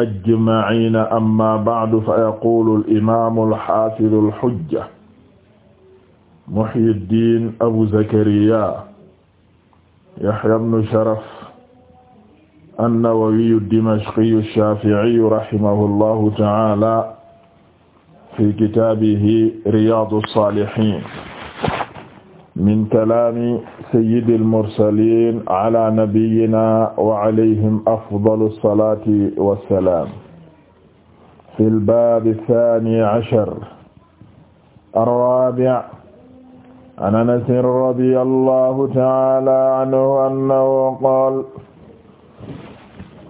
ajmaciina amma bacdu fa yaquulu alimaamu alxaafidu alxujja muhyiddin abu zakariya yaxya bnu sharaf annawawiyu dimashqiyu shaaficiyu rahimahu allahu tacaala fi kitaabihi riyaadu saalihiin min kalaami sayyidil mursaliin ala nabiyyina wa alayhim afdalu salaati wa salaam. fil baabi saani cashar. arraabi' an Anas radiyallaahu ta'aalaa anhu annahu qaala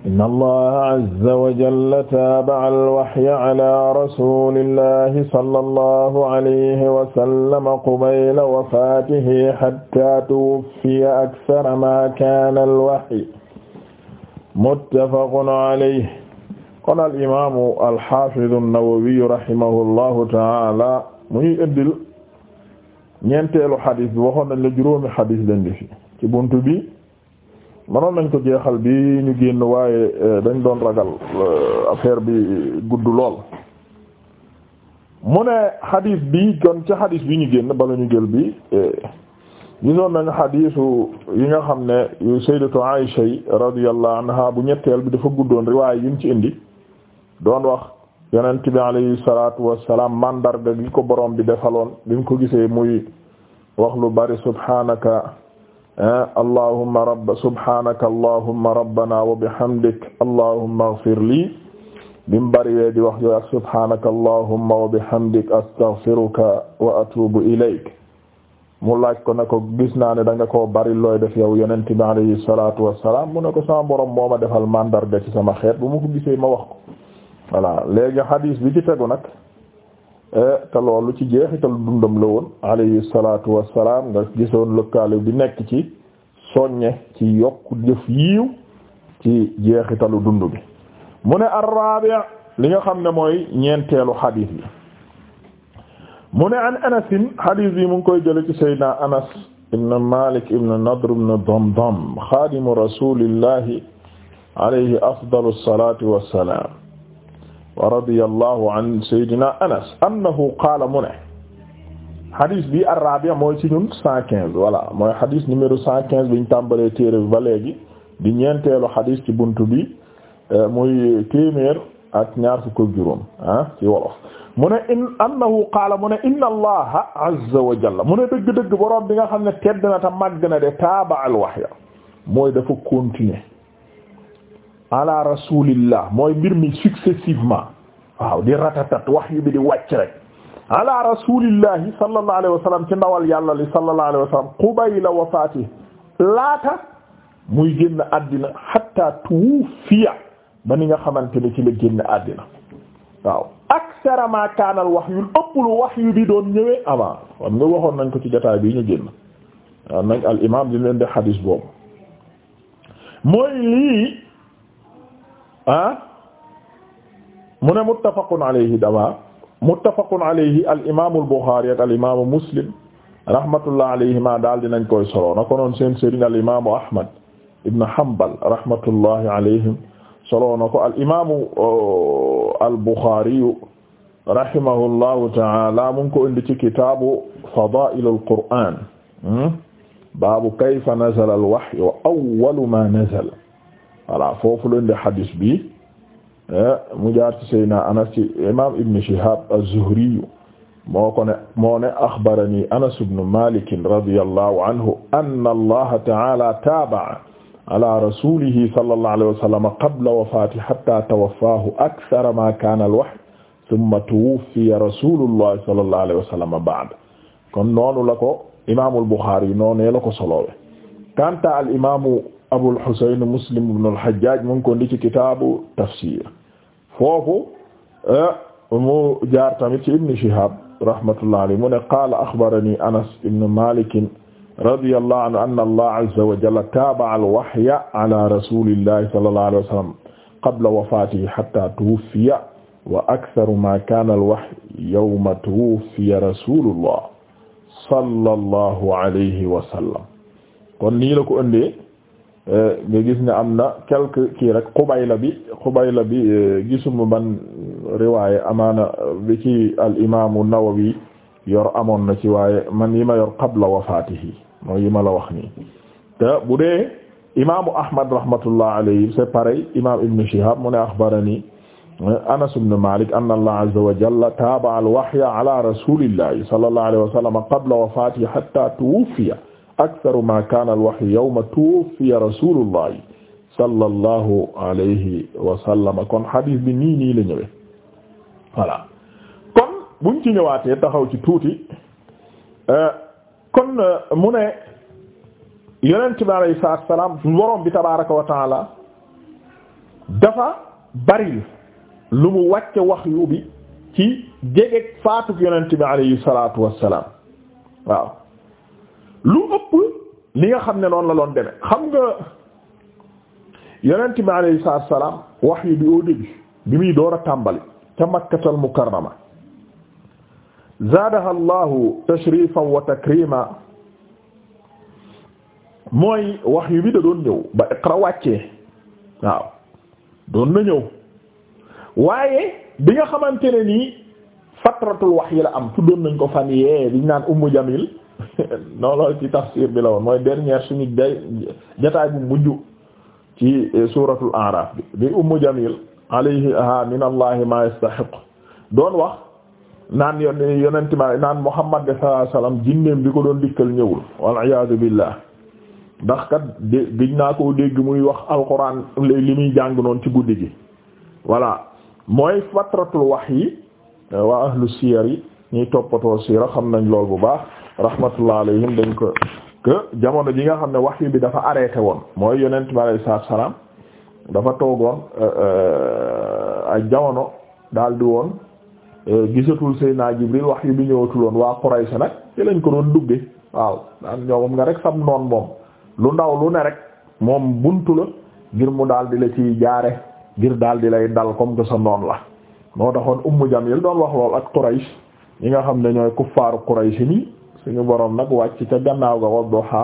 inna allaha azza wa jalla taaba alwaxya ala rasulillahi sallallahu alayhi wa sallam qubayla wafaatihi hatta tuwuffiya aksara ma kaana alwaxyu muttafaqun alayhi qaala al imaamu alxaafidu nnawawiyu rahimahullahu taala muy ëddil ñeenteelu xadis bi waxoon nañ la juróomi xadis lañ di fi ci buntu bi manoon nañ ko jeexal bi ñu génn waaye eh, dañ doon ragal eh, affaire bi gudd lool mu ne xadiis bi kon ci xadiis bi ñu génn bala ñu jël bi eh, gisoon nañu xadiisu yi nga xam ne yu sayyidatu Aisha radiyallahu anha bu ñetteel bi dafa guddoon riwaay waaye mu ci indi doon wax yonent bi alayhi salaatu salaam mandarga gi ko borom bi defaloon bi mu ko gisee muy wax lu bari subhaanaka Eh, allahumma rabb subhanaka allahumma rabbana wa bihamdik allahumma ighfir li bim bariwee di wax yooyu ak subhanaka allahumma wa bihamdik astaghfiruka wa atubu ilayk mu laaj ko ne ko gis naa ne da nga koo bari looy def yow yonent bi alayhi salatu wassalam mu ne ko sama borom moo ma defal mandarga ci sama xeet bu ma ko gisee ma wax ko voilà léegi hadis bi ci tegu nag Eh, te loolu ci jeexital dundam la woon alayhi salaatu wassalaam nga gisoon lëkkaale bi nekk ci soññe ci yokk jëf yiiw ci jeexitalu dund bi mu ne ar li nga xam ne mooy ñeenteelu xadiis bi mu ne an anas xadiis bi mu ngi koy jële ci sayyidina anas ibn malik ibn nadr ibn damdam xaadimu rasulillahi alayhi afdalu salaatu wassalaam wa radiyallahu an sayyidina anas annahu qaala mu ne hadis bi ar-rabi' mooy ci ñun cent quinze voilà mooy hadis numéro cent quinze biñ tàmbalee téere bi ba léegi di ñeenteelu hadis ci buntu bi euh, muy téeméer ak ñaar fukk ak juróom ah ci wolof mu ne in annahu qaala mu ne inna allaha azza wa jalla mu ne dëgg-dëgg boroom bi nga xam ne tedd na te màgg na de taaba al wahya mooy dafa continuer ala rasulillah mooy mbir mi successivement waaw di ratatat wax yu bi di wàcc rek ala rasulillahi sallallahu alayhi wa sallam ndawal yàlla li sallallahu alayhi wa sallam qubayla wafaati laata muy génn àddina hatta tuwfiya ba ni nga xamante ne ci la génn àddina waaw aksara ma kaana al wahyu ëpp lu wahyu bi doon ñëwee avant nga waxoon nañ ko ci jotaay bi ñu génn nañ al imaam di leen di boobu mooy lii ah mu ne muttafaqun alayhi dama muttafaqun alayhi al imaamu al Buxaari ak al imaamu Muslim rahmatullah alayhima daal dinañ koy solo na ko noon seen sëriñ al imaamu Ahmad ibn Hanbal rahmatullahi alayhim solo na ko al imaamu uh, al Buxaari rahimahullahu ta'ala mu ngi ko indi ci kitaabu fadaa'ilul Qur'aan hmm? baabu kayfa nazala al wahyu wa awwalu ma nazala voilà foofu leen di xadis bi eh, mu jaar ci Seydina Anas ci imam Ibn Shihab az-Zuhri moo ko ne moo ne axbarani Anas ibn Malik radiyallahu anhu anna Allaha ta'ala taba'a ala rasulihi sallallahu alayhi wa sallam qabla wafatihi hatta tawaffahu akthara ma kana al-wahy thumma tuwuffiya rasulullah sallallahu alayhi wa sallam ba'd kon noonu la ko imaamul Bukhari noonu la ko soloowe kanta al imaamu Abul Husayn Muslim ibn al-Hajjaj mu ngi ko ndi ci kitaabu tafsir foofu eh, mu jaar tamit ci Ibn Shihab rahmatullah alayhi mu ne qaala axbarani Anas ibn Malik radiyallahu anhu anna Allah azza wa jalla taaba'a al-wahya ala rasulillahi sallallahu alayhi wa sallam qabla wafaatihi hatta tuwuffiya wa aktharu ma kaana al-wahyu yawma tuwuffiya rasulullah sallallahu alayhi wa sallam kon nii la ko ëndee nga gis ne am na quelque kii rek Qubayla bi Qubayla bi euh, gisuma ban riwaaye amaana bi ci al imaamu Nawawi yor amoon na ci waaye man yi ma yor qabla wafaatihi mooy yi ma la wax nii te bu dee imaamu Ahmad rahmatullah alayhi c'est pareil imaam Ibn Shihab mu ne axbarani euh, Anas ibn Malik anna Allah azza wa jalla taaba al wahya ala rasulillahi sallallahu alayhi wa sallam qabla wafaatihi hatta tuwuffiya aksaru ma kaana alwahyu yawma tuwuffiya rasulullahi sallallahu alayhi wa kon hadith bi nii nii la ñëwee kon buñ ci ñëwaatee taxaw ci tuuti euh, kon euh, mu ne yonent bi alayhi salaatu wa salaam borom bi tabaaraka wa taala dafa bari lu mu wàcce wahyu bi ci jege faatu yonent bi alayhi salaatu wa waaw. lu ëpp li nga xam ne noonu la loon demee xam nga yonent bi alayhi salaatu wax yi bi au début bi muy door a tàmbali ca makkatal mukarrama zaadaha allahu tashrifan wa takrima mooy wax yu bi da doon ñëw ba iqra wàccee waaw doon na ñëw waaye bi nga xamante ne nii fatratul wax yi la am tuddoon nañ ko fan yee biñ naan ummu jamil non loolu ci tafsir bi la woon mooy dernière suñu day jataay bu mujj ci eh, suuratul A'raaf bi bi Ummu Jamil alayha min allahi ma yastahiq doon wax naan yon ma naan Muhammad de sallallahu alayhi wasallam bi ko doon dikkal ñëwul wal iyaadu billah ndax kat dé naa koo dégg muy wax alquran li muy jàng noonu ci guddi gi voilà mooy fatratul wahyi eh, waa ahlu siyar yi ñuy toppatoo siira xam nañ lool bu baax rahmatullah alayhim dañ ko que jamono ji nga xam ne wax yi bi dafa arrêté woon mooy yonent bi alayhi salaatu salaam dafa toogoon euh, euh, ay jamono daal di woon euh, gisatul Seydina Jibril wax yi bi ñëwatul woon waa Quraysh nag ci lañ ko doon dugge waaw daan ñoom nga rek sam noon moom lu ndaw lu ne rek moom buntu la ngir mu daal di la ciy jaare ngir daal di lay dal comme que sa noon la moo taxoon Ummu Jamil doon wax lool ak Quraysh ñi nga xam ne ñooy kuffaaru Quraysh nii suñu borom nag wàcc ca gannaaw ga wadduha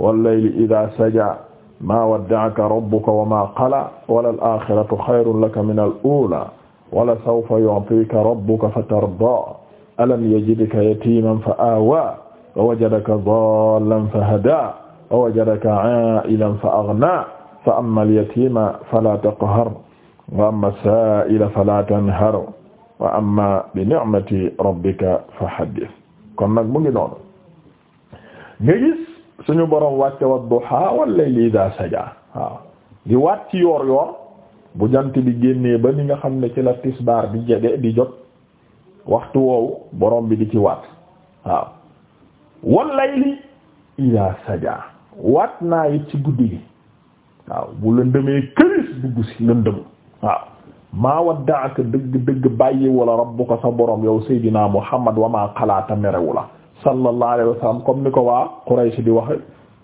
wal layli idha saja ma wadda'aka rabbuka wa ma qala wala al akhiratu khayrun laka min al ula wala sawfa yu'tika rabbuka fatarda alam yajidka yatiman fa awa wa wajadaka dallan fa hada wa wajadaka a'ilan fa aghna fa amma al yatima fala taqhar wa amma as-sa'ila fala tanhar wa amma bi ni'mati rabbika fa haddith kon nag mu ngi noonu nga gis suñu boroom wàcce wa duha wal layli idha saja waaw di waat ci yoor yoor bu jant bi génnee ba ni nga xam ne ci la tisbaar di jege di jot waxtu woowu borom bi di ci waat waaw wal layli idha saja waat naa it ci guddi gi waaw bu lëndëmee këris dugg si lëndëm waaw maa wadda'aka dëgg dëgg bàyyiwu la rabbuka sa borom yow Seydina Muhammad wa maa xalaata merewu la sallallahu alayhi wa sallam comme ni ko waa Quraysh di waxe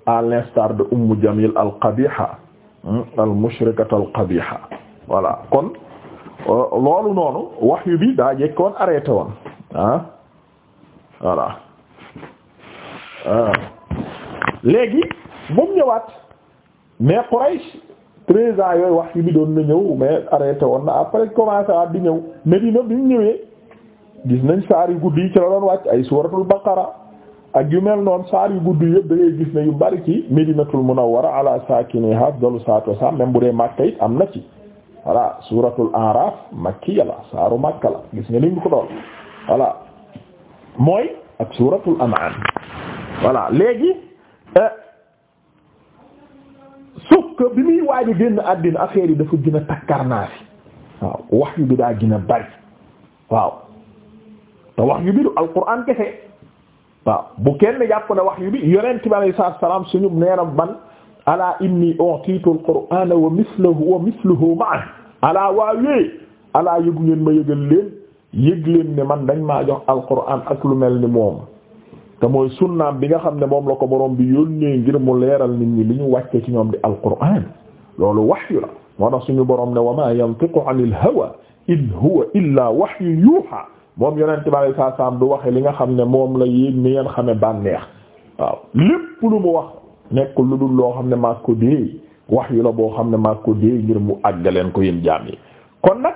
à l'instar de Ummu Jamil al-qabiha hmm, al-mushrikata al-qabiha voilà kon euh, loolu noonu wahyu bi daa jekkoon arrêté woon ah voilà euh, léegi bu mu ñëwaat mais Quraysh treize ans yooyu wax yi bi doon na ñëw mais arrêté woon na après commencé waat di ñëw Medina bi ñu ñëwee gis nañ saar yu gudd yi ci la doon wàcc ay suuratul baqara ak yu mel noon saar yu gudd yëpp da ngay gis ne yu bari ci Medinatul Munawwara ala sakini afdalu salaatu wassalaam même bu dee Makka it am na ci voilà suuratul Araf makkiya la saaru Makka la gis nga ni ñu ko doon voilà mooy ak suuratul An'am voilà léegi. Euh, que bi muy waaj a génn àddina affaire yi dafa gën a waaw wax yu bi daa gën bari waaw te wax yu bi du alquran kese waaw bu kenn jàpp ne wax yu bi yonent bi alayhi salaatu wa salaam suñu neeram ban ala inni utiitu alqur'ana wa mithluhu wa mithluhu ma'a ala waawee ala yëgu ma yëgal leen yëg leen ne man dañ maa jox alquran ak lu mel ni moom te mooy sunnaam bi nga xam ne moom la ko borom bi yónnee ngir mu leeral nit ñi li ñu wàcce ci ñoom di alquraan loolu waxyu la moo tax suñu boroom ne wa ma yantiqu anil hawa in huwa illa wahyu yuha moom yonent bi du waxe li nga xam ne moom la yéen ni ngeen xame bànneex waaw lépp lu mu wax nekkul lu dul loo xam ne maa ko déey wahyu la boo xam ne maa ko déey ngir mu àggaleen ko yéen jaam yi kon nag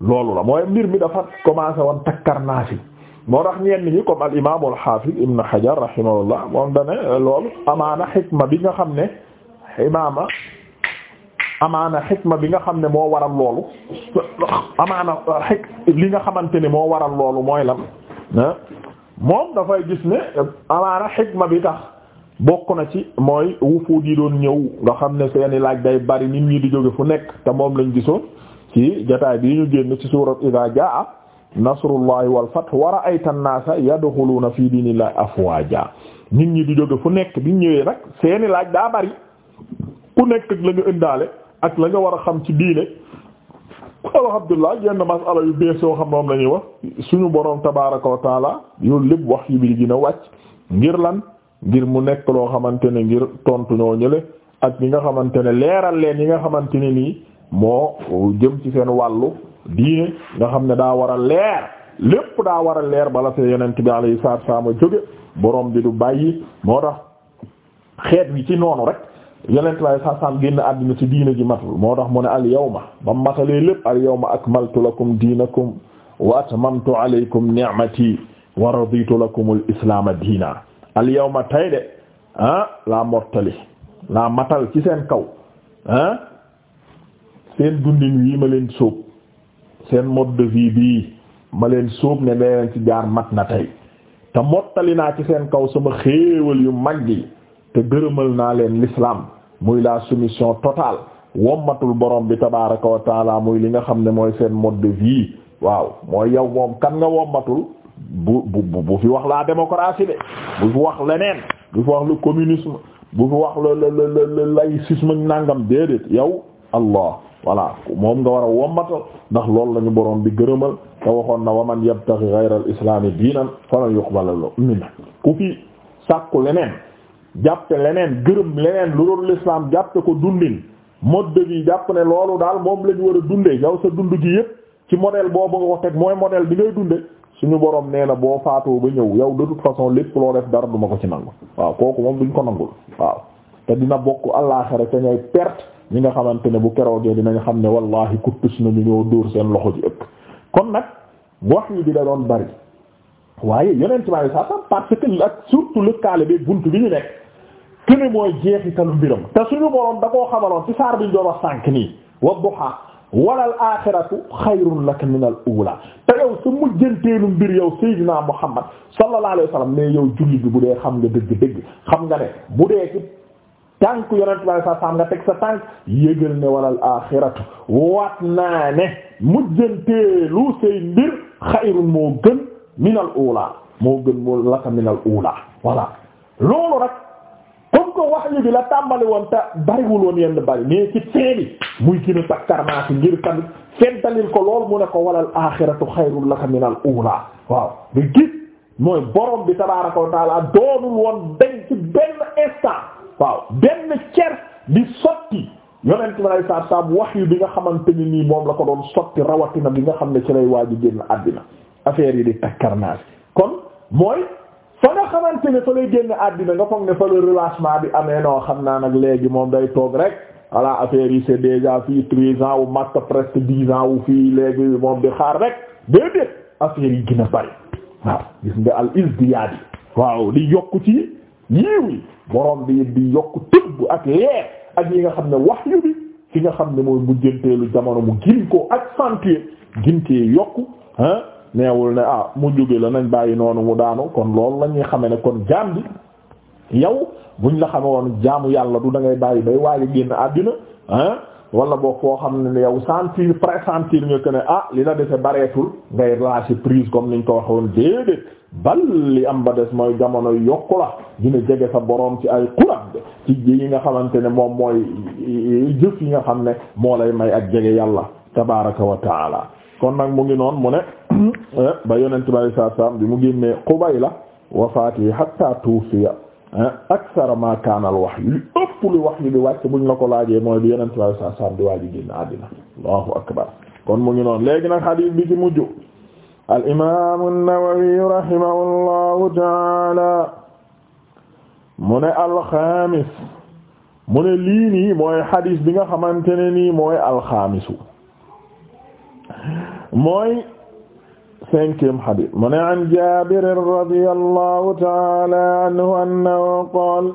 loolu la mooy mbir mi dafa commencé woon takkar naa si moo tax ñenn ñi comme al imaam al haafid ibn hajar rahimahullah moom dane loolu amaana xikma bi nga xam ne imaama amaana xikma bi nga xam ne moo waral loolu amaana nga xamante ne moo waral loolu mooy lan moom dafay gis ne amaana xikma bi tax bokk na ci mooy wufuud yi doon ñëw nga xam ne seeni laaj day bari nit ñi di jóge fu nekk te moom lañ gisoon ci jotaay bi ñu génn ci suurat idaa jaa nasrullahi wal fath wa ra'ayta an-naasa yadxuluuna fi diinillahi afwaaja nit ñi di jóge fu nekk bi ñëwee nag seeni laaj daa bari ku nekk la nga indaale ak la nga war a xam ci diine alhamdulilah yenn masala yu bees xam moom la ñuy wax suñu boroom tabaaraka wa taala lépp wax yu bi dina wàcc ngir lan ngir mu nekk loo xamante ne ngir tontu ñoo ñële ak ñi nga xamante ne leeral leen yi nga xamante ne nii moo jëm ci seen wàllu diine nga xam ne daa war a leer lépp daa war a leer bala fee yonent bi alayhi salaatu salaam a jóge borom bi du bàyyi moo tax xeet wi ci noonu rek yonent bi alayhi salaatu salaam génn àddina ci diine ji matul moo tax mu ne al yawma ba matalee lépp al yawma akmaltu lakum diinakum wa atmamtu alaykum ni'mati wa raditu lakum al islaama diina al yawma tay de ah laa mottali laa matal ci seen kaw ah seen dundin wii ma leen sóob seen mode de vie bii ma leen sóob ne leen ci jaar mat na tey te mottali naa ci seen kaw sama xéewal yu mag yi te gërëmal naa leen l'islam muy la soumission totale wommatul borom bi tabaraka wa muy li nga xam ne mooy seen mode de vie waaw mooy yow moom kan nga wommatul bu bu bu fi wax laa démocratie de bu fi wax leneen bu fi wax lu communisme bu fi wax le le le laïcisme nangam déedéet yow allah voilà moom nga war a wommatal ndax loolu la ñu borom bi gërëmal te waxoon na waman yabtaghi ghayra al islami diinan falan yuqbala minhu ku fi sàkku leneen jàppe leneen gërëm leneen lu doon l'islam jàppe ko dundin mode bi jàpp ne loolu daal moom la war a dundee yow sa dund gi yëpp ci modèle boobu nga ko teg mooy modèle bi ngay dunde suñu borom nee na boo faatoo ba ñëw yow de toute façon lépp loo def dara duma ko ci nangu waaw kooku moom duñ ko nangul waaw te ñi nga xamante ne bu keroogee dinañ xam ne wallahi kuttus na ñu ñoo dóor seen loxo ji ëpp kon nag wax yi bi da doon bari waaye yeneen ci maay sax parce que ak surtout lëkkaale bi buntu bi ñu nekk këne mooy jeexitalu mbiram te suñu boroom da koo xamaloon ci saar bi ñu doon wax sànk nii wa duha walal aaxiratu xayrun laka minal uula te yow sa mujjanteelu mbir yow Seydina Muhammad sallallahu alayhi wa sallam mais bi bu dee xam nga dëgg-dëgg xam nga ne bu dee tànk yonent bi sa saam nga teg sa tànk yëgal ne walal axiratu waat naa ne mujjanteelu say mbir xayrun moo gën minal uulaa moo gën moo laka minal uulaa voilà loolu rek comme que wax yi bi la tàmbali woon te bariwul woon yenn bari mais ci fin muy gën a takkarmaasi ngir tamit fentalil ko lool mu ne ko walal axiratu xayrun laka minal uulaa waaw nga gis mooy borom bi tabaaraka wa taala doonul woon dañ benn instant waaw benn cer di sotti yonent bi alei saatu salaam wax yu bi nga xamante ni nii moom la ko doon sotti rawatina bi nga xam ne ci lay waaji génn àddina affaire yi di takkarnaage kon mooy fa nga xamante fa lay génn àddina nga foog ne fa le relâchement bi amee noo xam naa nag léegi moom day toog rek voilà affaire yi c'est déjà fii trois ans ou mat presque dix ans ou fii léegi moom di xaar rek déedéet affaire yi gën a bari waaw gis nga al isdiyaad waaw di yokku ci yiiw yi borom bi it di yokk tëbb ak leer ak yi nga xam ne wax yu bi ci nga xam ne mooy mujjanteelu jamono mu gin koo accentuer gin kee yokk ah neewul ne ah mu jóge la nañ bàyyi noonu mu daanu kon loolu la ñuy xame ne kon jaam bi yow buñ la xame woon jaamu yàlla du da ngay bàyyi bay waaye génn àddina ah wala boog koo xam ne ni yow sentir pressentir nga que ne ah li la defe bareetul ngay lâcher prise comme niñ ko waxe woon déedéet bal li am ba des mooy jamono yokk la dina jege sa boroom ci ay xurab ci yi nga xamante ne moom mooy jëf yi nga xam ne moo lay may ak jege yàlla tabaraka wa taala kon nag mu ngi noon mu ne eh, ba yonente bi alai saatu salaam bi mu génnee Qubayla wafaati hatta tuufiya aksara ma kaana al wahyu li ëpp lu wahyu di wàcc buñ la ko laajee mooy di yonent sallallahu alayhi wasallam di waaji génn àddina allahu akbar kon mu ngi noonu léegi nag hadith bi ci mujj al imam an-Nawawi rahimahullahu taala mu ne alxaamis mu ne lii nii mooy hadith bi nga xamante ne nii mooy cinquième hadith mu ne an Jaabir radiyallahu ta'ala anhu annahu qaala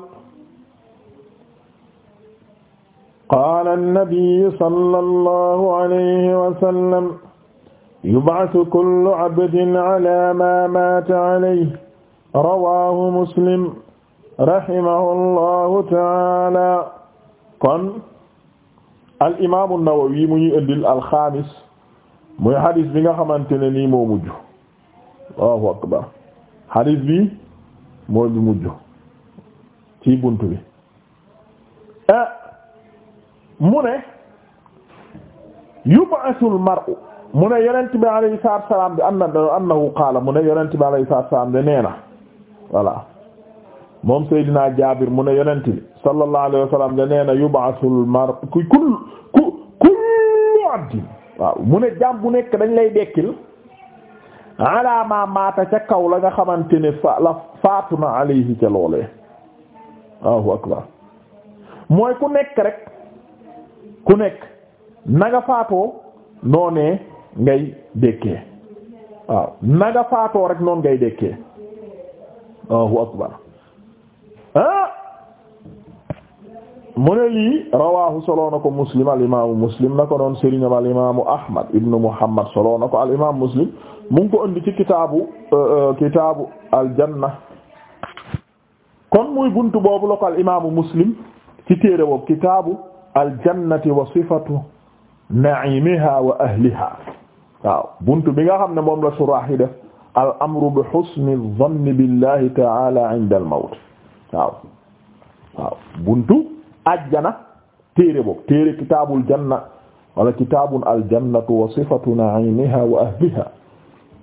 qaala an-nabiyyu sallallahu alayhi wa sallam yub'athu kullu 'abdin 'alaa maa maata 'alayhi rawaahu Muslim rahimahullahu ta'ala kon al-imaam an-Nawawi mu ñuy indil al-xaamis muy hadis bi nga xamante ne nii moo mujj Allahu akbar hadis bi moo bi mujj ci bunt bi ah mu ne yub'athul mar'u mu ne yonent bi alayhi salaatu salaam bi anna annahu qaala mu ne yonent bi alayhi salaatu salaam de nee na voilà moom Seydina Jaabir mu ne yonent bi sallallahu alayhi wa sallam de nee na yub'athul mar'u ku kullu abdin waaw mu ne jaam bu nekk dañ lay dekkil alaama maata ca kaw la nga xamante ne faatu na alayhi ca loolee waaw akbar mooy ku nekk rek ku nekk naga faatoo noonee ngay dekkee waaw naga faatoo rek noon ngay dekkee waaw akbar ah mu ne lii rawaahu solo muslim al muslim na ko doon sëriñam al imaamu ahmad muhammad solo na ko muslim mu ngi ko indi ci kitaabu euh, euh, kitaabu kon muy buntu boobu la ko al imaamu muslim ci téere boobu kitaabu al sifatu naimiha wa ahliha buntu bi nga xam ne moom la suraax yi def al amru buntu ajjana téere boobu téere kitaabul janna wala kitaabun aljannatu wa sifatu naimiha wa ahliha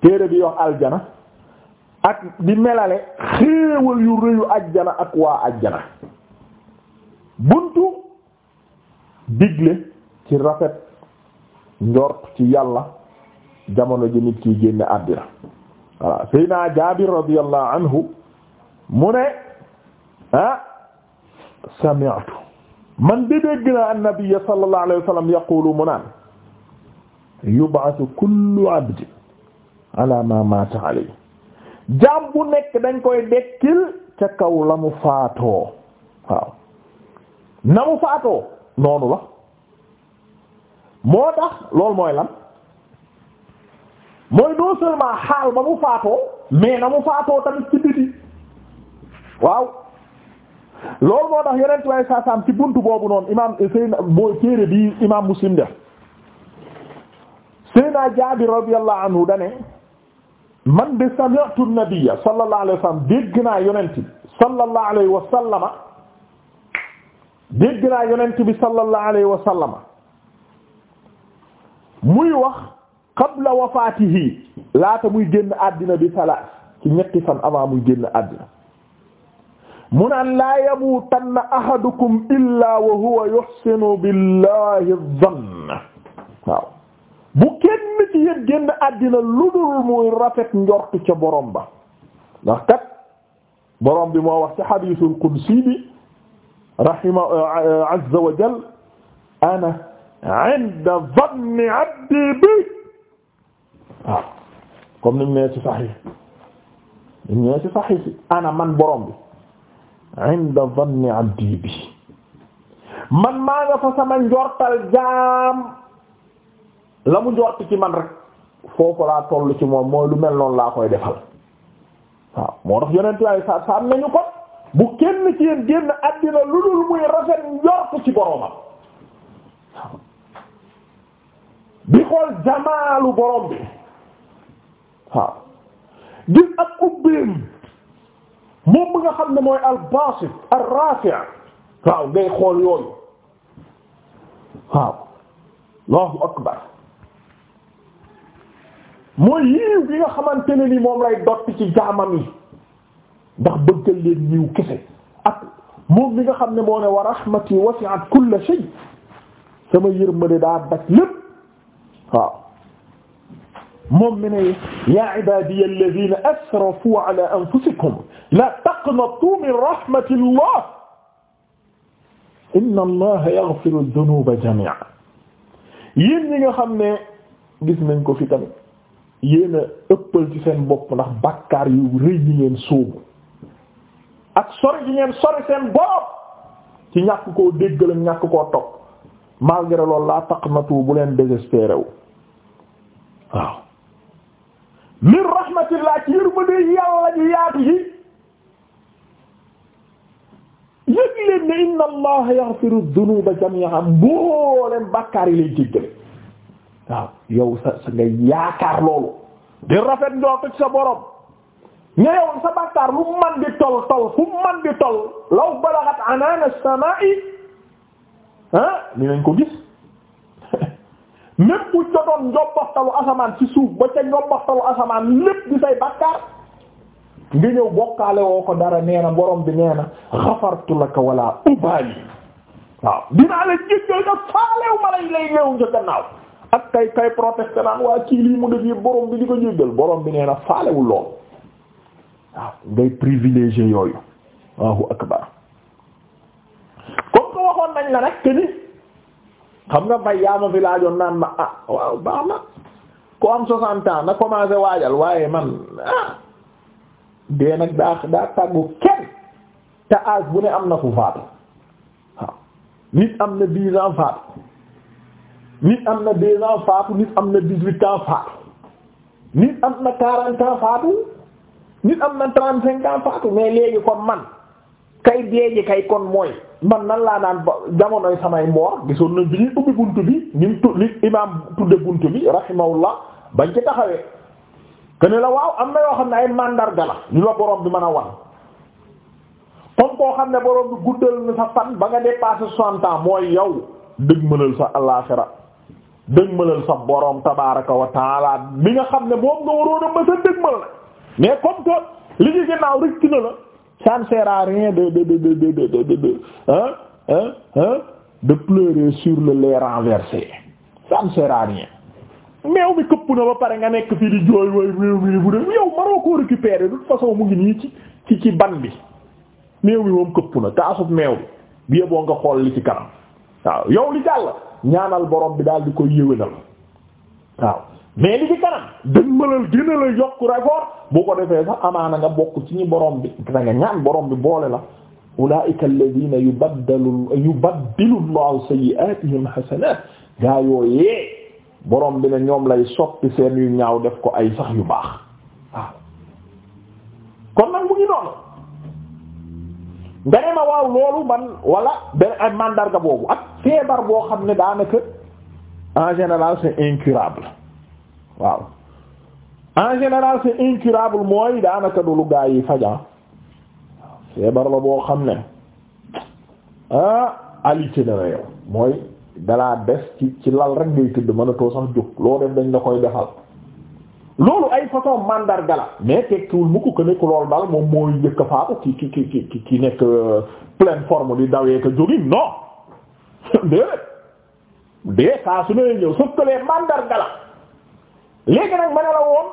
téere bi wax aljana ak di melale xéewal yu rëyu ajjana ak waa ajjana buntu digle ci rafet njort ci yàlla jamono ji nit ki génne àddina voilà Seydina Jaabir radiyallahu anhu mu ne ah sami'tu man de dégg naa annabi sallallahu alayhi yaqulu mu naan yub'athu kullu abd ala ma mata alayhi jaam bu nekk dañ koy dekkil ca kaw la mu faatoo waaw na mu faatoo noonu la moo tax loolu mooy lan mooy non seulement xaal ba mu faatoo mais na mu faatoo tamit ci biti waaw lool moo tax yonent way saasaam ci buntu boobu noon imaam eh, Seyna boo téere bi imaam Muslim def Seyna Jaabir radiyallahu anhu dane man de sami'tu an-nabiyya sallallahu alayhi wa sallam dégg naa yonent bi sallallahu alayhi wa sallama muy wax qabla wafaatihi laata muy génn àddina bi salaas ci ñetti fan muy génn àddina mu naan laa yamuutanna ahadukum illaa wa huwa yuhsinu billahi zann waaw bu kenn ci yéen génn àddina lu dul muy rafet njortu ca borom ba ndax kat borom bi moo wax ci hadiisul qudsi bi rahima eh, azza wa jal ana inda zanni abdi bi waaw comme niñ nee ci sahih niñ nee ci sahih ana man borom bi inda dhanni abdi bi man maa nga fa sama njortal jaam la mu njort ci man rek foofu laa toll ci moom mooy lu mel noonu laa koy defal waaw moo tax yonent waaye sa sa am nañu ko bu kenn ci génn àddina lu dul muy rafet njort ci boromam bi xool jamaalu borom bi waaw gis ak ubbeem moom bi nga xam ne mooy al-Basit ar-Rafi' waaw ngay xool yooyu waaw Allahu akbar mooy yiw bi nga xamante ne ni moom lay dotti ci jaamam yi ndax bëggal leen yiw kese ak moom bi nga xam ne moo ne wa rahmati wasi'at kulla shay sama yërmande daa daj lépp waaw moom mi ne yaa ibaadiya allaziina asrafuu alaa anfusikum laa taqnatuu min rahmatillah inna allaha yaghfiru dunuuba jamii'an yéen ñi nga xam ne gis nañ ko fi tamit yéen a ëppal ci seen bopp ndax bakkaar yu rëy yi ngeen sóobu ak sori gi ngeen sori bopp ci ñàkk koo déggal ñàkk koo topp malgré loolu laa taqnatu bu leen min rahmatillah ci yërmande yàlla ji yaatu ji yëg leen ne inna allah yaghfiru dhunuba jami'an mbooleen bàkkaar yi lay jéggale waaw yow sa sa nga yaakaar loolu di rafet njort ci sa nga yow sa bàkkaar lu di tol tol fu di tol law balagat anaana as-samaa'i ah dinañ ko gis même bu jotoon njobbaxtalu asamaan ci suuf ba ca njobbaxtalu asamaan lépp di say bakkaar nga ñëw bokkaale woo ko dara nee na borom bi nee na xafartu laka wala ubaali waaw dinaa la jéggal nga faalew lay lay leew nga gannaaw ak kay kay protesté waa kii lii mu def yëpp borom bi di ko jéggal borom bi nee na faalewul lool waaw ngay privilégié yooyu waaw akbar comme ko waxoon nañ la rek ni xam nga bay yaa ma naan ma ah waaw baax na ko am soixante ans na commencé waajal waaye man ah dee nag daa daa tàggu kenn te âge bu am na ku faatu nit am na dix ans faatu nit am na deux ans faatu nit am na dix ans faatu nit am na am na trente-cinq ans faatu mais léegi kon man kay deeji kay kon mooy man nan laa naan ba jamonoy samay mboor gisoon nañ bi ñuy ubbi bunt bi ñu tu li imaam tudde bunt bi rahimahullah bañ ci taxawee kene la waaw am na yoo xam ne ay mandarga la ñu la borom bi mën a wan comme koo xam ne borom bi guddal na sa fan ba nga dépassé soixante ans mooy yow dëgg mënal sa àllaxira dëgg mënal sa borom tabaraka wa bi nga xam ne moom nga waroon a mën sa dëgg mais comme que li ci ginnaaw rëcc na la ça ne sert de de de de de de de de hein hein pleurer sur le lait renversé ça ne meew mi këpp na ba pare nga nekk fii di jooy way meew mi bu dee yow manoo koo récupérer de toute façon mu ngi nii ci ci ci ban bi meew mi moom këpp na kaasub meew bi yeboo nga xool li ci kanam waaw yow li jàll ñaanal borom bi daal di koy yéwénal waaw mais li ci kanam dëgmalal gën a la yokk record bu ko defee sax amaana nga bokk ci ñi borom bi da ñaan borom bi boole la ulaika alladina yu yubaddilu llahu sayyi'atihim hasanat gaa yooyee borom bi na ñoom lay soppi seen yu ñaaw def ko ay sax yu baax waaw kon nag mu ngi noonu nga ne waaw loolu man wala benn ay mandarga boobu ak feebar boo xam ne daanaka en général c'est incurable waaw en général c'est incurable mooy daanaka du lu gaa yi faja ah. feebar la boo xam ne ah alité na mooy dalaa des ci ci lal rek ngay tëdd mënatoo sax jóg loo def dañ la koy defal loolu ay façon mandarga la mais tekkiwul mu ko ko nekk loolu daal moom mooy njëkk a faatu ki ki ki ki ki nekk euh, pleine forme di dawee ko jógin non déedéet dee saa su nee ñëw sauf que les léegi nag ma ne la woon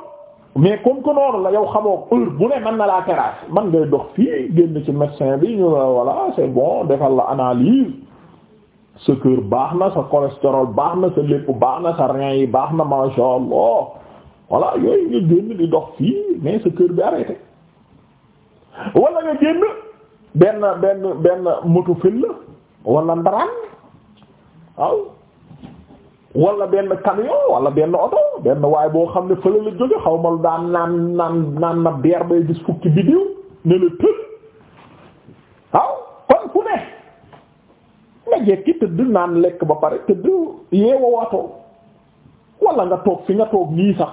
mais comme que noonu la yow xamoo heure bu ne mën na laa terrasse man ngay dox fii génn ci médecin bi ñu la voilà c'est bon defal la analyse sa cœur baax na sa cholestérol baax na sa lépp baax na sa rein yi baax na masha Allah voilà yooyu nga génn di dox fii mais sa cœur bi arrêté wala nga génn benn benn benn moto fil la wala ndaraan waaw wala benn camion wala benn oto benn waaye boo xam ne fële la jóge xaw ma lu daan naan naan naan na beer bay gis fukki biddiw ne la tël waaw kon fu ne nga jekki tëdd naan lekk ba pare tëdd yeewa waatoo wala nga toog fi nga toog nii sax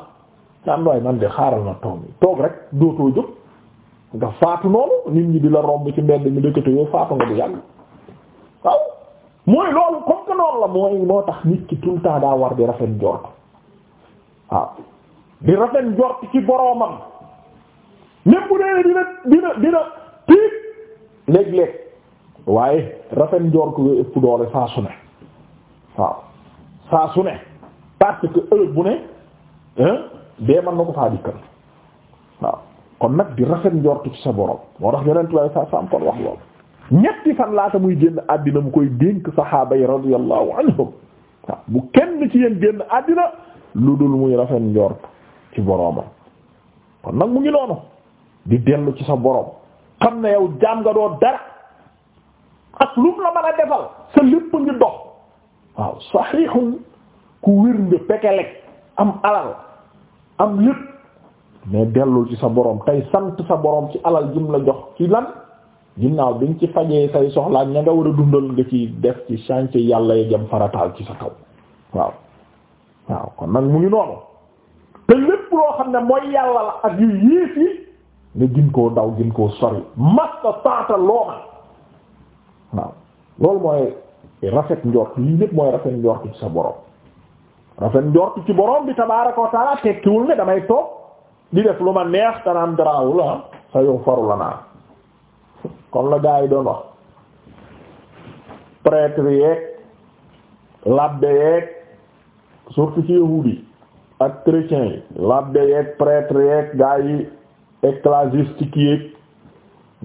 naan waaye man de xaaral na toog toog rek dootoo jóg nga faatu noonu nit ñi di la romb ci mbedd mi dëkkate yoo faatu nga bu yàgg mooy loolu comme que noonu la mooy moo tax nit ki tout le daa war di rafet njort waaw di rafet njort ci boroomam même bu dee dina dina dina tiit léeg-léeg waaye rafet njort yooyu ëpp doole saa su ne waaw saa su ne parce ëllëg bu ne bee man na ko faa dikkal waaw kon nag di rafet njort ci sa boroom moo tax yonentu waaye saa saa am kon wax loolu ñetti fan laata muy génn àddina mu koy dénk saxaaba yi radiyallahu anhum waaw bu kenn ci yéen génn àddina lu dul muy rafet njort ci boroomam kon nag mu ngi noonu di dellu ci sa boroom xam na yow jaam nga doo dara ak lu mu la mën a defal sa lépp ngi dox waaw saxiixun ku wér pekelek am alal am lépp mais dellul ci sa boroom tey sant sa boroom ci alal jum la jox ci lan ginnaaw bi nga ci fajee say soxlaa ña nga war a dundal nga ci def ci chantier yàlla ya jëm farataal ci sa kaw waaw waaw kon nag mu ngi noonu te lépp loo xam ne mooy yàlla la ak yu yiis yi nga gin koo daw gin koo sori masta taata loo man waaw loolu mooy rafet njort lii lépp mooy rafet njort ci sa borom rafet njort ci borom bi tabaaraka wa taala tekkiwul ne damay toog di def lu ma neex tanaan garaawul ah sa yow faru la naa comme la gaa yi doon wax prêtre yeeg labbe yeeg surtout yi ak chrétien yi labbe yeeg prêtre yeeg gaa yi ecclésiastique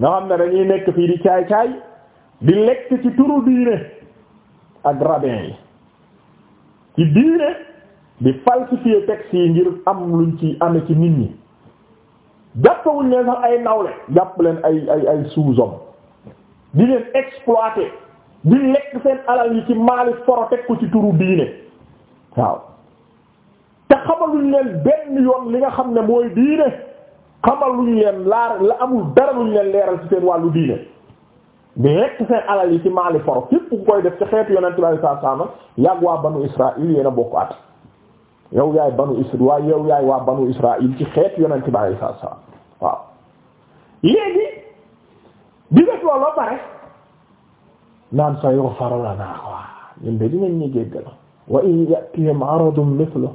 nga xam ne dañuy nekk fii di caay caay di lekk ci turu diine ak rabbin yi ci diine di falsifier textes yi ngir am luñ ci ame ci nit ñi jàppewuñ leen sax ay nawle jàpp leen ay ay ay sous-hommes di leen exploiter di lekk seen alal yi ci maali foro teg ko ci turu diine waaw te xamaluñ leen benn yoon li nga xam ne mooy diine xamaluñ leen laar la amul dara luñ leen leeral ci seen wàllu diine di lekk seen alal yi ci maali foro képp ku koy def ci xeetu yonent bi sallallahu alayhi wasallam yàgg waa banu Israël yéen a bokk at yow yaay banu isra waaye yow yaay waa banu israil ci xeet yonent bi alayhi salaatu salaam waaw léegi bi def loolu ba pare naan sa yughfaru lanaa quoi ñun de dinañ ñu jéggal wa in ya'tihim aradun mithlu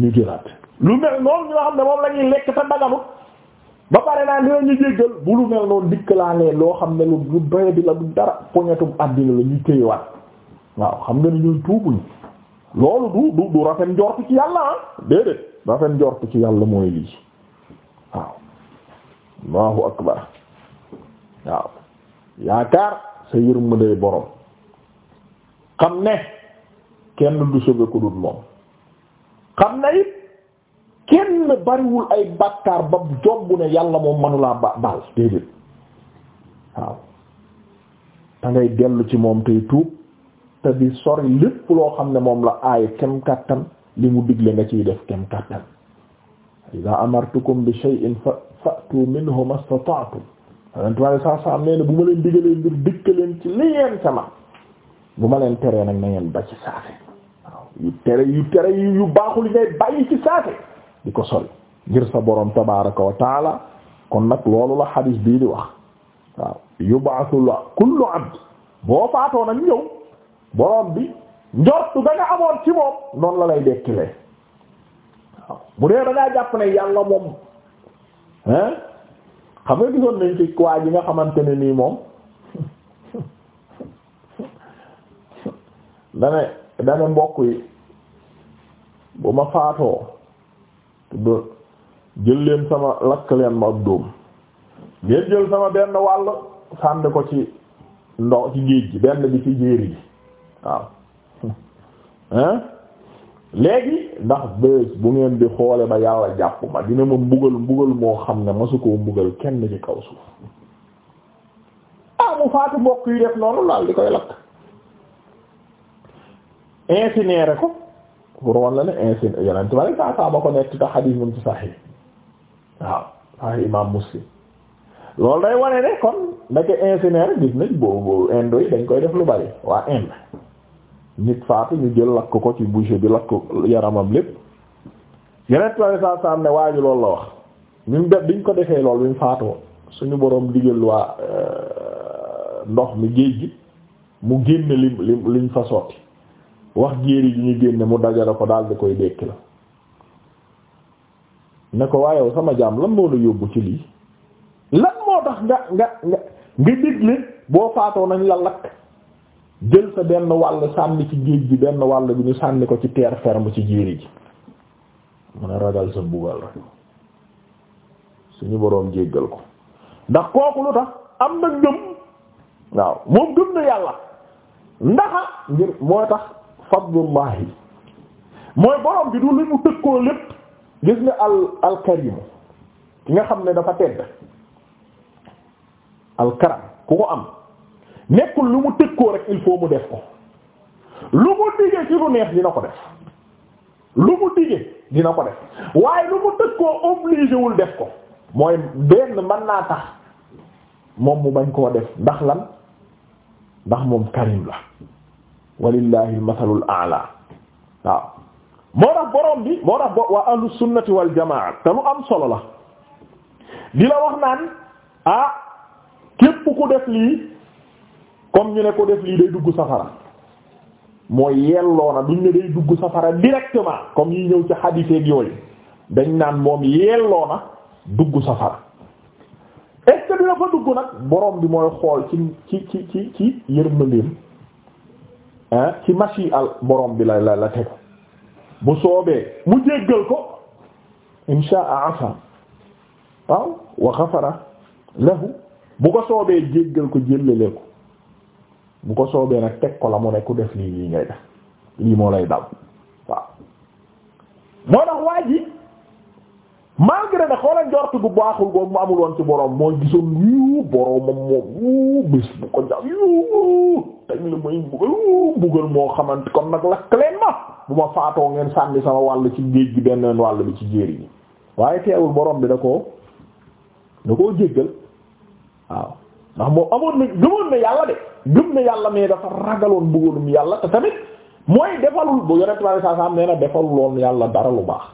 ñu jëlaat lu mel noonu ñoo xam ne moom la ñuy lekk te daganu ba pare naan dinañ ñu jéggal bu lu mel noonu dikkalaalee loo xam ne lu lu doye bi la du dara poñetum àddina la ñuy téyewaat waaw xam nga ni ñuy tuubuñ loolu du du du rafet njort ci yàlla ah déedéet rafet njort ci yàlla mooy lii waaw allahu akbar waaw yaakaar sa yërmande borom xam ne kenn du sobe ko dul moom xam ne it kenn bariwul ay bàkkaar ba jomb ne yàlla moom manulaa ba baal déedéet waaw da ngay dellu ci moom tey tuub te di sori loo xam ne moom la aaya kem kàttan li mu digle nga ciy def kem kàttan idaa amartukum bi shay'in fa fa'tu minhu mastata'tum alentuwale bu ma leen digalee mbir dikk leen ci li ngeen sama bu ma leen teree nag na ngeen ba ci saate yu tere yu tere yu baaxul yi ngay bàyyi ci saate di ko sori ngir sa borom tabaaraka wa taala kon nag loolu la xadiis bii di wax waaw yub'asu la kullu abd boo faatoo nag borom bi njortu da amoon ci moom noonu la lay dekkile waaw bu dee da ngaa jàpp ne yàlla moom hein xam nga gisoon nañ ci waa ji nga xamante ne nii moom dane dane mbokk yi bu ma faatoo tudd jël leen sama lakk leen ma ak dóom ngeen jël sama benn wàll sànni ko ci ndox ci géej gi benn bi ci jéeri ji waaw hein léegi ndax bés bu ngeen di xoole ba yàlla jàpp ma dina ma mbugal mbugal moo xam ne masu koo mbugal kenn ci kaw suuf ah mu faatu mbokk yi def noonu laal di koy lakk incinéré ko pour wan la ne incinéré yeneen ti ba ne saa saa ba ko nekk te xadiis mun ci saxi waaw saxi imaam muslim loolu day wane ne kon ndeke incinéré gis nañ boobu indo yi dañ koy def lu bari waa ind nit faatu ñu jël lakk ko ci boucher bi lakk yaramam lépp yeneen trois cent cent ne waa ji la wax ñun de biñ ko defee lool bi mu faatoo suñu boroom digal waa euh, ndox mi géej gi mu génne li li liñ fa sotti wax jéeri ji ñu génne mu dajale ko daal di koy dekki la ne ko waaye sama jaam lan moo la yóbbu ci lii lan moo tax nga nga nga nga digle boo faatoo nañ la lakk. jël sa benn wàll sànni ci géej gi benn wàll bi ñu sànni ko ci terre ferme ci jéeri ji mun a ragal sa mbugal rek suñu boroom jéggal ko ndax kooku lu tax am na ngëm waaw moom gëm na yàlla ndaxa ngir mooy tax fadlullahi mooy boroom bi du li mu tëkkoo lépp gis nga al al ki nga xam ne dafa tedd al karam ku ko am nekkul lu mu tëkkoo rek il faut mu def ko lu mu digee ci lu neex dina ko def lu mu digee dina ko def waaye lu mu tëkkoo obligé wul def ko mooy benn mën naa tax moom mu bañ koo def ndax lan ndax moom karim la walillahi almasalul a'la waaw moo tax borom bi moo tax waa ahlu sunnati wal te lu am solo la di wax naan ah, képp ku def lii comme ñu ne ko def lii day dugg safara mooy yelloo na duñ ne day dugg safara directement comme yi ñëw ci xadiseeg yooyu dañ naan moom yelloo na dugg safara est-ce que fa dugg nag borom bi mooy xool ci ci ci ci ci yërmandeem ah ci machi al borom bi la la la tegu bu soobee mu jéggal ko inshaa afa waaw wa xafara lahu bu ko soobee jéggal ko jéllale ko bu ko soobee nag teg ko la mu ne ku def lii lii ngay def lii moo lay dal waaw moo tax waa ji malgré ne xoola njort bu baaxul boobu mu amul woon ci boroom mooy gisoon yu boroomam moom yu bés bu ko jàpp yu teg li may mbugal moo xamante kon nag lakk leen ma bu ma faatoo ngeen sànni sama wàll ci géej gi benn wàll bi ci jéeri yi waaye teewul boroom bi da koo da koo jéggal waaw ndax moom amoon na gëmoon na yàlla de gëm na yàlla mais dafa ragaloon bëggoonum yàlla te tamit mooy defalul bu yonent bi saa saa am nee defaluloon yàlla dara lu baax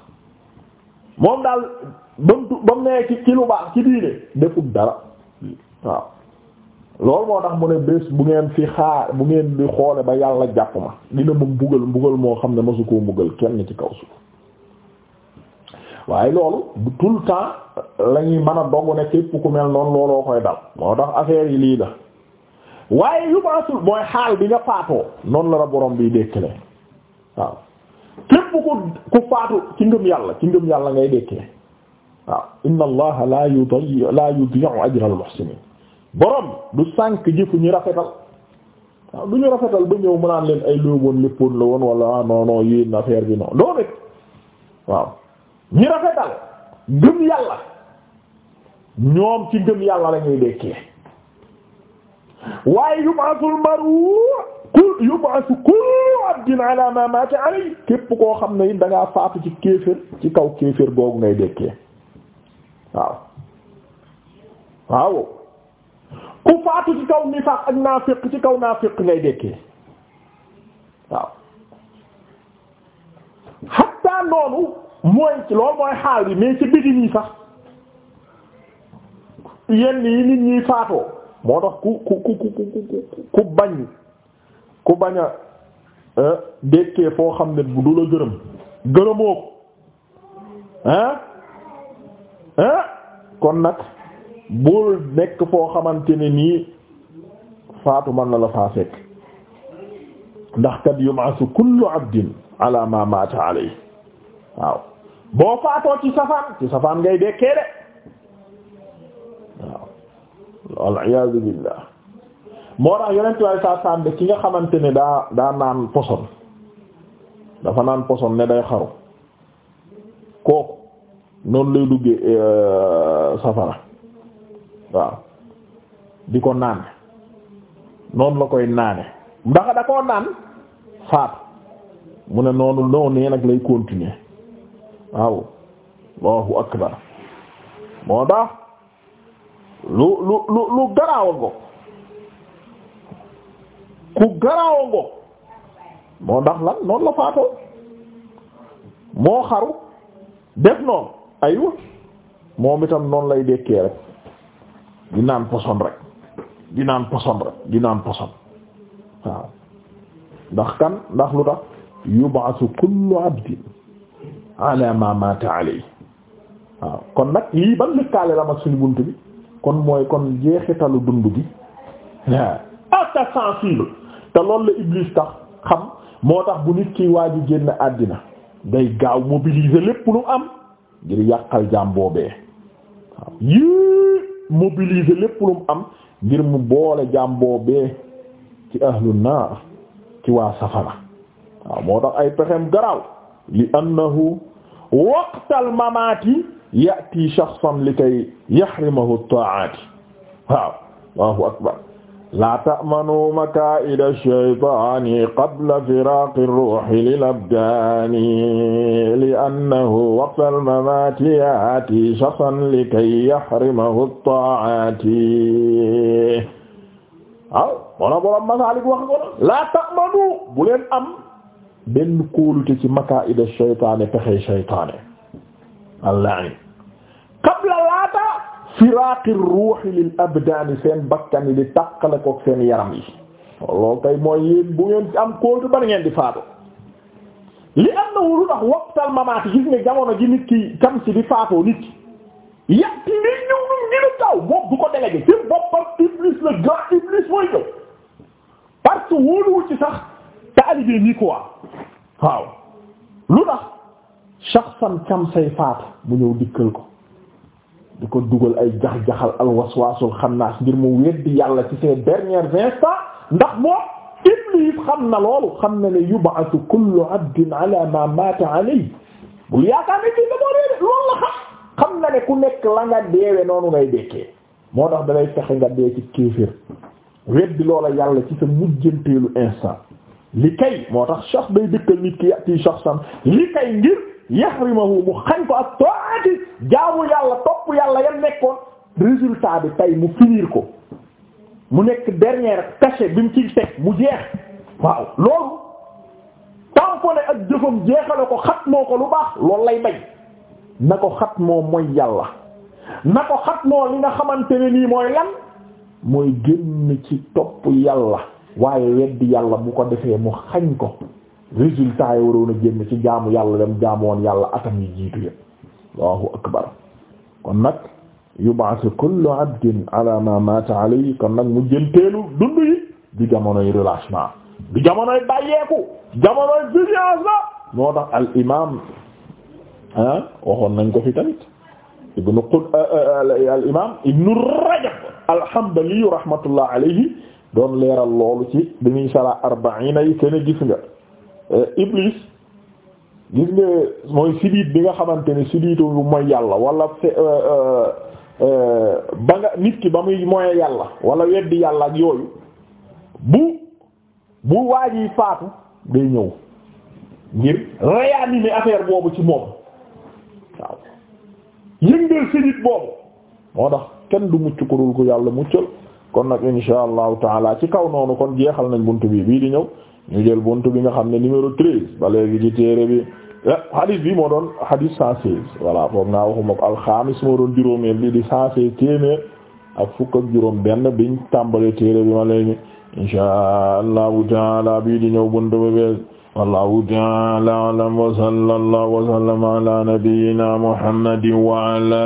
moom daal ba mu ba mu nee ci lu baax ci diine defut dara waaw loolu moo tax mu ne bés bu ngeen fi xaar bu ngeen di xoole ba yàlla jàpp ma dina ma mbugal mbugal moo xam ne masu koo mbugal kenn ci kaw suuf waaye loolu bu tout le temps la ñuy mën a dogg ne képp ku mel noonu looloo koy dal moo tax affaire lii la waaye yubaasul mooy xaal bi nga faatoo noonu la la borom bi dékkale waaw képp ku ku faatu ci ngëm yàlla ci ngëm yàlla ngay dékkale waaw inna allaha la yudi la yudi'u ajra al muhsinin borom du sànk jëfu ñu rafetal waaw du rafetal ba ñëw mënaan leen ay looboon léppoon la woon wala ah non non yéen affaire bi non doo rek waaw ñi rafetal ngëm yàlla ñoom ci ngëm yàlla la ñuy waaye yub'asul maru kul yub'asu kullu abdin ala ma mata képp koo xam ne da ngaa faatu ci kéefër ci kaw kéefër googu ngay dekkee waaw waaw ku faatu ci kaw nifaaq ak naafiq ci kaw naafiq ngay dekkee waaw hatta noonu mooy loolu mooy xaal bi mais ci biti nii sax yenn yi nit ñiy faatoo moo tax ku ku ku ku ku bañ ku bañ a dékkee foo xam ne bu dula gërëm gërëmoo ko hein hein kon nag bul nekk foo xamante ne nii faatu mën na la faa fekk ndax kat yumaasu kullu abdin ala ma mata alayhi waaw boo faatoo ci safaan ci safaan ngay dekkee de wal iyaazu billaah moo tax yonent waaye saa sànde ki nga xamante ne daa daa naan poson dafa naan poson ne day xaru kooku noonu lay dugge euh, safara waaw di ko naan noonu la koy naane ndax da naan faat mu ne noonu noonu nag lay continuer waaw allahu akbar moo tax lu lu lu lu garaawa ngo ku garaawa ngo moo ndax lan noonu la faatoo moo xaru def noonu aywa moom itam noonu lay dekkee rek di naan poson rek di naan poson rek di naan poson waaw ndax kan ndax lu tax yub'athu kullu abdin ala ma mata alayhi waaw kon nag lii ban lëkkaale la mag suñu bunt bi kon mooy kon jeexitalu dund gi waaw ata ah, sensible te loolu la Iblis tax xam moo tax bu nit ki waa ji génn àddina day gaaw mobiliser lépp lu am ngir yàqal jaam boobee waaw yii mobiliser lépp lu am ngir mu boole jaam boobee ci ahlu naar ci waa safara waaw moo tax ay pexem garaaw li annahu waqtal mamaati ya'ti shakhsan likay yahrimahu at-ta'at waaw Allahu akbar la ta'manu maka'ida ash-shaytani qabla firaqi ar-ruhi lil-abdani li'annahu waqta al-mamati ya'ti shakhsan likay yahrimahu at-ta'at waaw wana borom masalik wax ko la ta'manu bu leen am benn kóolute ci maka'ida ash-shaytani pexe shaytaane al-la'in qabla laata firaaqi ruux lil abdaani seen bakkan yi di tàqale seen yaram yi loolu tey mooy yéen bu ngeen am kóol bari ngeen di faatu li am na wu tax waqtal mamaat gis ji nit ki tam ci di ko délégué waaw lu tax. shaxsan cam say faatu mu ñëw dikkal ko di ko dugal ay jax-jaxal alwaswaasul xannaas ngir mu weddi yàlla ci ses derniers instants ndax moo iblis xam na loolu xam na ne yub'atu kullu abdin ala ma mata alayhi bul yaakaar ne ku nekk la nga deewe noonu ngay dekkee moo tax dalay fexe nga dee ci kéefér weddi loola yàlla ci sa mujjanteelu instant li kay moo tax shaxs day dëkkal nit ki yàtti shaxsan li kay ngir yahrimahu mu xañ ko ak taati jaamu yàlla topp yàlla yan nekkoon résultat bi tay mu finir ko mu nekk dernière cachet bi mu ciy teg mu jeex waaw loolu tamponné ak jëfam jeexale ko xat moo ko lu baax loolu lay bañ na ko xat moo mooy yàlla na ko xat moo li nga xamante ne nii mooy lan mooy génn ci topp yàlla waaye weddi yàlla bu ko defee mu xañ ko résultat yi waroon a ci jaamu yàlla dem jaamu woon yàlla atam yi jiitu yëpp allahu akbar kon nag yub'athu kullu abdin ala ma mata alayhi kon nag mu jënteelu dund yi di jamonoy relâchement di jamonoy bàyyeeku jamonoy vigilance la moo tax al imam ah waxoon nañ ko fi tamit ibnu qud ah, ah, ah, al imam ibnu rajab al hanbali rahmatullah alayhi doon leeral ci bi yi kenn gis Euh, iblis gis nga mooy sidiit bi nga xamante ne sidiitu mooy yàlla wala euh, euh, ba nga nit ki ba muy mooy yàlla wala weddi yàlla ak yooyu bu bu waaj yi faatu day ñëw ngir réanimer affaire boobu ci moom waaw yëngal sidiit boobu moo tax kenn du mucc ku dul ko yàlla muccal kon nag insha allahu taala ci kaw noonu kon jeexal nañ bunt bi bii di ñëw ñu jël buntu bi nga xam ne numéro treize ba léegi ci téere bi eh, hadis bi moo doon hadis cent seize voilà foog naa waxuma ko alxamis moo doon juróomeel bi di cent seize téeméer ak fukk ak juróom benn biñ tàmbalee téere bi ma léegi insha allahu taala bii di ñëw buntu ba bees wallahu taala alam wa sallallahu wa sallama ala nabiyyina muhammadin wa ala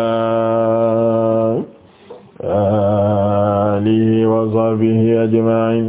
alihi wa sahbihi ajma'in